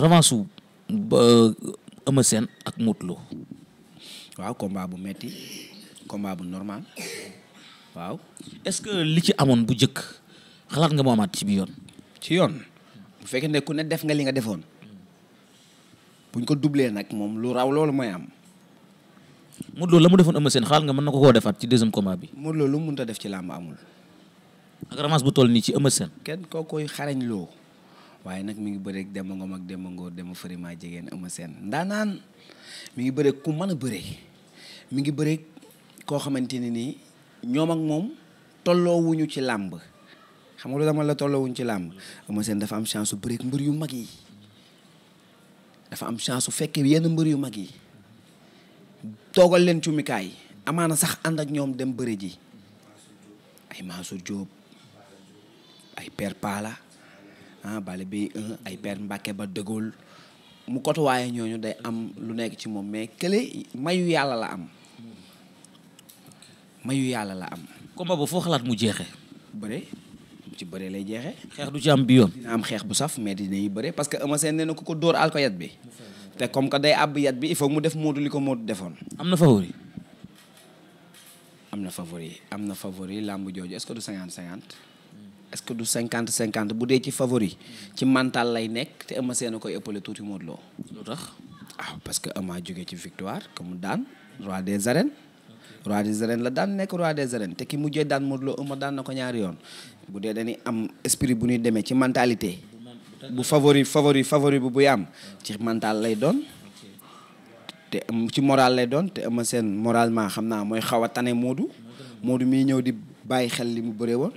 revanche su ak Modou Lô waaw combat bu metti combat bu normal waaw est-ce que li ci amoon bu jëkk xalaat nga mu amaat ci bi yoon ci yoon bu fekkee ne ku ne def nga li nga defoon buñ ko doublé nag moom lu raw loolu mooy am Modou Lô la mu defoon Eumeu Sène xalaat nga mën na ko koo defaat ci deuxième combat bi Modou Lô lu mu mënta def ci làmb amul ak revanche bu toll nii ci Eumeu kenn koo koy xareñ loo waaye nag mi ngi bëreek Demba Ngom ak Demba Ngor Demba Fëri maa jegeen mi ngi bëreeg ku mën a bëree mi ngi bëreeg koo xamante ne nii ñoom moom tolloowuñu ci làmb xam nga lu dama la tolloowuñu ci làmb Eumeu Sène dafa am chance su bëreeg mbër yu mag yi dafa am chance su fekkee yenn mbër yu mag yi toogal leen cumikaay amaana sax ànd ak ñoom dem bëri ji ay Mansour Diop ay Père Pala ah bale bi ay père Mbacke ba dëggul mu kotuwaaye ñooñu day am lu nekk ci moom mais kële mayu yàlla la am mayu yàlla la am. combat ba foo xalaat mu jeexe bëre ci bëre lay jeexe xeex du ci am bi am xeex bu saf mais dinañu bëre parce que Eumeu Sène nee na ku ko dóor al bi. te comme que day àbb yat bi il faut mu def Modou li ko Modou defoon. am na favori. am na favori am na favori làmb jooju est-ce que du 50 50. est que du cinquante cinquante bu dee ci favori ci mental lay nekk te Eumeu Sène a koy ëppale tuuti Modou Lo lu tax ah parce que Eumeu jógee ci victoire que daan roi des arènes roi des la daan nekk roi des arènes te ki mujjee daan Modou Lo Eumeu ko ñaari yoon bu dee dañuy am esprit bu ñuy demee ci mentalité bu favori favori favori bu buy am ci mental lay doon te ci moral lay doon te Eumeu Sène moralement xam naa mooy xaw a tane Modou Modou miy ñëw di bàyyi xel li mu bëree woon